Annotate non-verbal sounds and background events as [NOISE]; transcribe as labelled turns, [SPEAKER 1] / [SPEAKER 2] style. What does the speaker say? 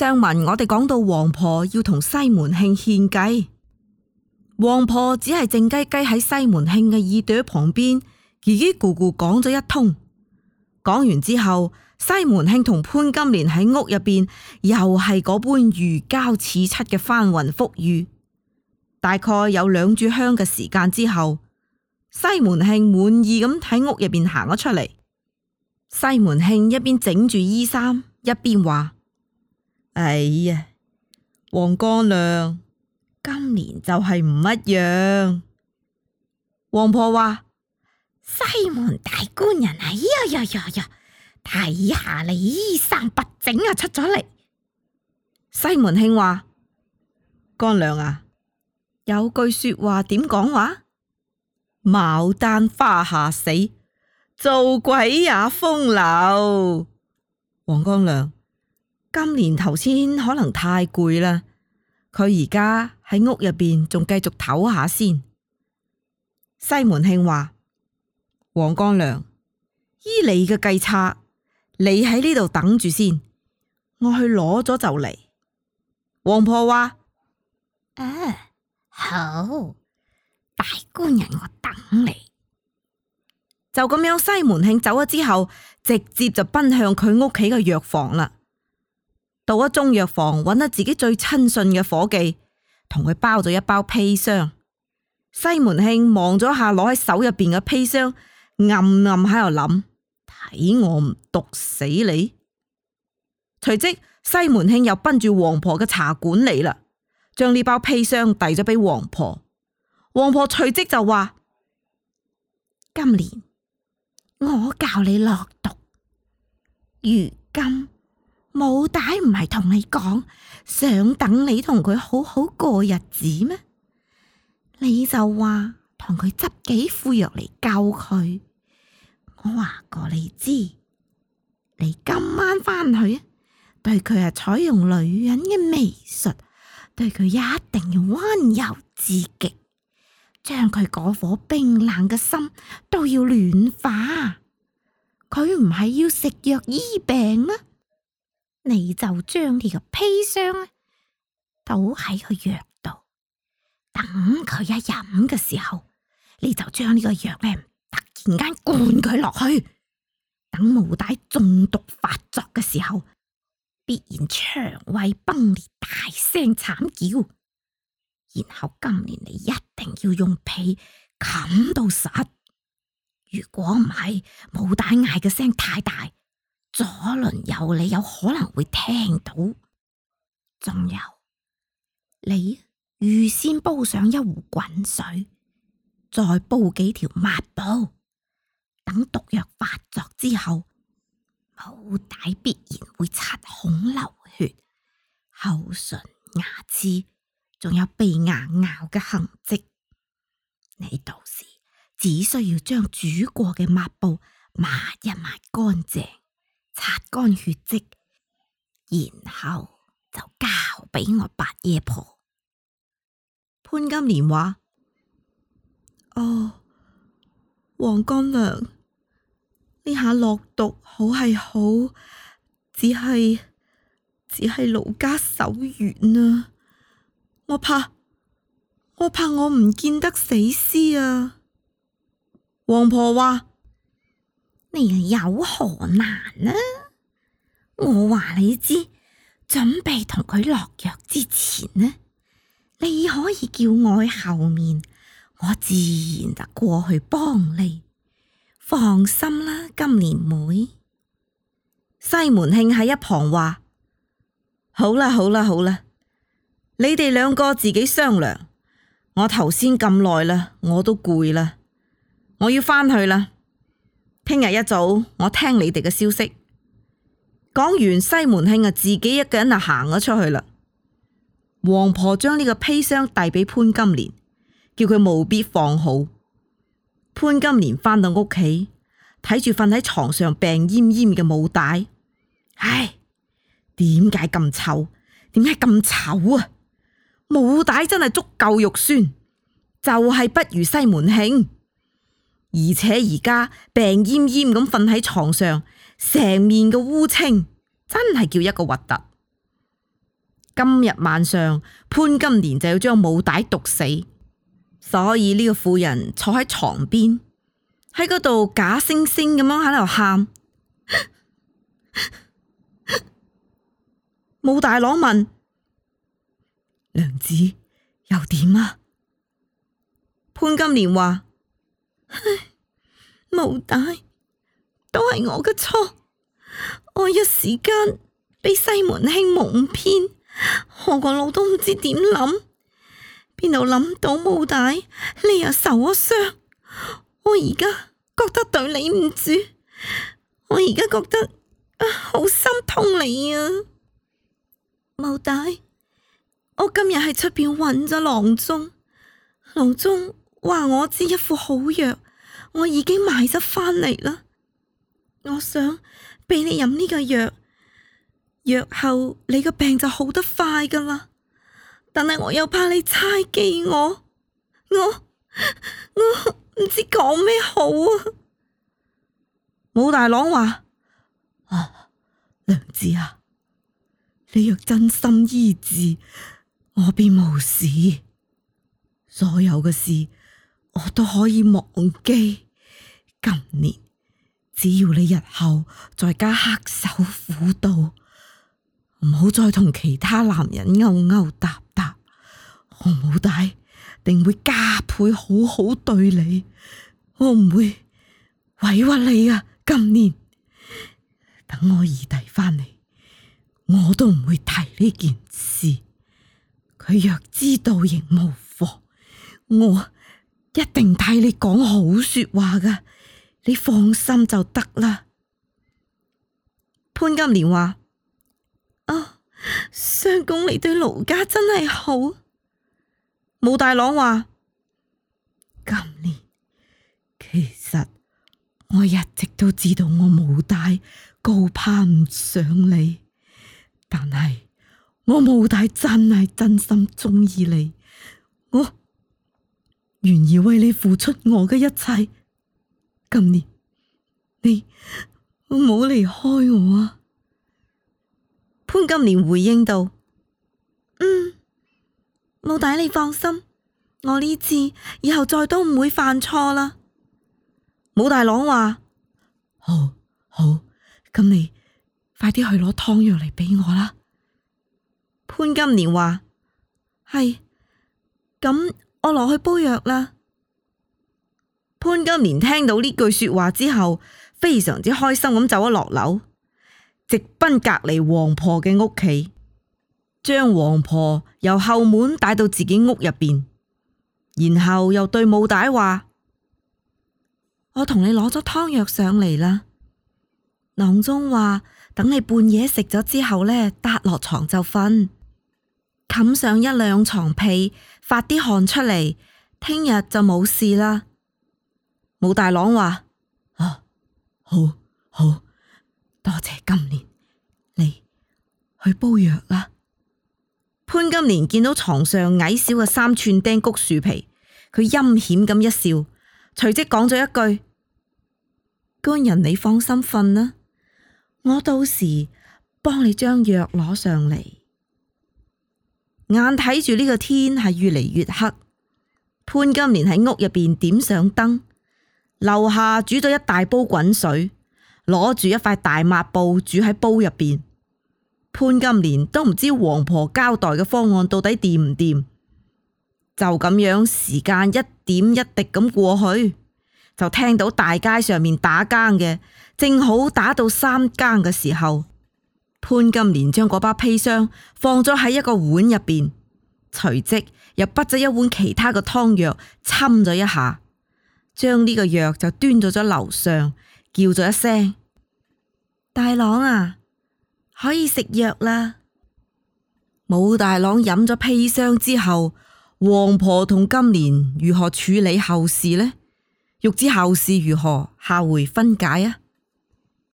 [SPEAKER 1] 上文我哋講到王婆要同西門慶獻計，王婆只係靜雞雞喺西門慶嘅耳朵旁邊，嘰嘰咕咕講咗一通。講完之後，西門慶同潘金蓮喺屋入邊又係嗰般如膠似漆嘅翻雲覆雨。大概有兩炷香嘅時間之後，西門慶滿意咁喺屋入邊行咗出嚟。西門慶一邊整住衣衫，一邊話。哎呀，王光亮，今年就係唔一樣。王婆話：西門大官人啊，哎、呀呀呀呀，睇下你衣衫不整啊出咗嚟。西門慶話：光亮啊，有句說話點講話？牡丹花下死，做鬼也風流。王光亮。今年頭先可能太攰啦，佢而家喺屋入邊仲繼續唞下先。西門慶話：黃光良，依你嘅計策，你喺呢度等住先，我去攞咗就嚟。黃婆話：唉、啊，好，大官人，我等你。就咁樣，西門慶走咗之後，直接就奔向佢屋企嘅藥房啦。到咗中藥房，揾咗自己最親信嘅伙計，同佢包咗一包砒霜。西門慶望咗下，攞喺手入邊嘅砒霜，暗暗喺度諗：睇我唔毒死你！隨即，西門慶又奔住王婆嘅茶館嚟啦，將呢包砒霜遞咗俾王婆。王婆隨即就話：今年我教你落毒，如今。武大唔係同你講，想等你同佢好好過日子咩？你就話同佢執幾副藥嚟救佢。我話過你知，你今晚翻去啊，對佢係採用女人嘅媚術，對佢一定要溫柔至極，將佢嗰顆冰冷嘅心都要暖化。佢唔係要食藥醫病咩？你就將呢個砒霜倒喺個藥度，等佢一飲嘅時候，你就將呢個藥咧突然間灌佢落去。等武大中毒發作嘅時候，必然腸胃崩裂，大聲慘叫。然後今年你一定要用被冚到實。如果唔係，武大嗌嘅聲太大。左鄰右里有可能會聽到，仲有你預先煲上一壺滾水，再煲幾條抹布，等毒藥發作之後，武大必然會七孔流血、口唇、牙齒，仲有鼻牙咬嘅痕迹。你到時只需要將煮過嘅抹布抹一抹乾淨。.擦乾血跡，然後就交俾我八爺婆。潘金蓮話：哦、oh，王乾娘，呢下落毒好係好，只係只係奴家手軟啊！我怕，我怕我唔見得死屍啊！王婆話。你又有何難呢、啊？我話你知，準備同佢落藥之前呢，你可以叫我去後面，我自然就過去幫你。放心啦，金蓮妹。西門慶喺一旁話：好啦，好啦，好啦，你哋兩個自己商量。我頭先咁耐啦，我都攰啦，我要翻去啦。聽日一早，我聽你哋嘅消息。講完，西門慶啊，自己一個人啊行咗出去啦。王婆將呢個砒霜遞俾潘金蓮，叫佢務必放好。潘金蓮翻到屋企，睇住瞓喺床上病奄奄嘅武大，唉，點解咁醜？點解咁醜啊？武大真係足夠肉酸，就係、是、不如西門慶。而且而家病奄奄咁瞓喺床上，成面嘅烏青，真係叫一個核突。今日晚上潘金蓮就要將武大毒死，所以呢個婦人坐喺床邊，喺嗰度假惺惺咁樣喺度喊。 [LAUGHS] 武大郎問：娘子，又點啊？潘金蓮話。唉，武大都係我嘅錯，我一時間俾西門慶蒙騙，我個腦都唔知點諗，邊度諗到武大你又受咗傷，我而家覺得對你唔住，我而家覺得好心痛你啊，武大，我今日喺出邊揾咗郎中，郎中，話我知一副好藥，我已經買咗翻嚟啦。我想畀你飲呢個藥，藥後你個病就好得快噶啦。但係我又怕你猜忌我，我我唔知講咩好啊。武大郎話：啊，娘子啊，你若真心醫治，我便無事。所有嘅事。我都可以忘記今年。只要你日後在家恪守婦道，唔好再同其他男人勾勾搭搭，我老大定會加倍好好對你，我唔會委屈你啊。今年等我二弟翻嚟，我都唔會提呢件事。佢若知道亦無妨，我。一定替你講好說話噶，你放心就得啦。潘金蓮話：啊、哦，相公你對奴家真係好。武大郎話：金蓮，其實我一直都知道我武大高攀唔上你，但係我武大真係真心中意你，我。願意為你付出我嘅一切，今年你唔好離開我啊！潘金蓮回應道：嗯，武大你放心，我呢次以後再都唔會犯錯啦。武大郎話：好，好，咁你快啲去攞湯藥嚟俾我啦。潘金蓮話：係，咁。我落去煲藥啦！潘金蓮聽到呢句說話之後，非常之開心咁，走咗落樓，直奔隔籬王婆嘅屋企，將王婆由後門帶到自己屋入邊，然後又對武大話：我同你攞咗湯藥上嚟啦，郎中話等你半夜食咗之後呢，搭落床就瞓。冚上一兩床被，發啲汗出嚟，聽日就冇事啦。武大郎話：啊，好好，多謝金蓮。你去煲藥啦。潘金蓮見到床上矮小嘅三寸丁谷樹皮，佢陰險咁一笑，隨即講咗一句：官人你放心瞓啦，我到時幫你將藥攞上嚟。眼睇住呢個天係越嚟越黑，潘金蓮喺屋入邊點上燈，樓下煮咗一大煲滾水，攞住一塊大抹布煮喺煲入邊。潘金蓮都唔知王婆交代嘅方案到底掂唔掂，就咁樣時間一點一滴咁過去，就聽到大街上面打更嘅，正好打到三更嘅時候。潘金蓮將嗰包砒霜放咗喺一個碗入邊，隨即又滗咗一碗其他嘅湯藥，侵咗一下，將呢個藥就端咗咗樓上，叫咗一聲大郎啊，可以食藥啦。武大郎飲咗砒霜之後，王婆同金蓮如何處理後事呢？欲知後事如何，下回分解啊！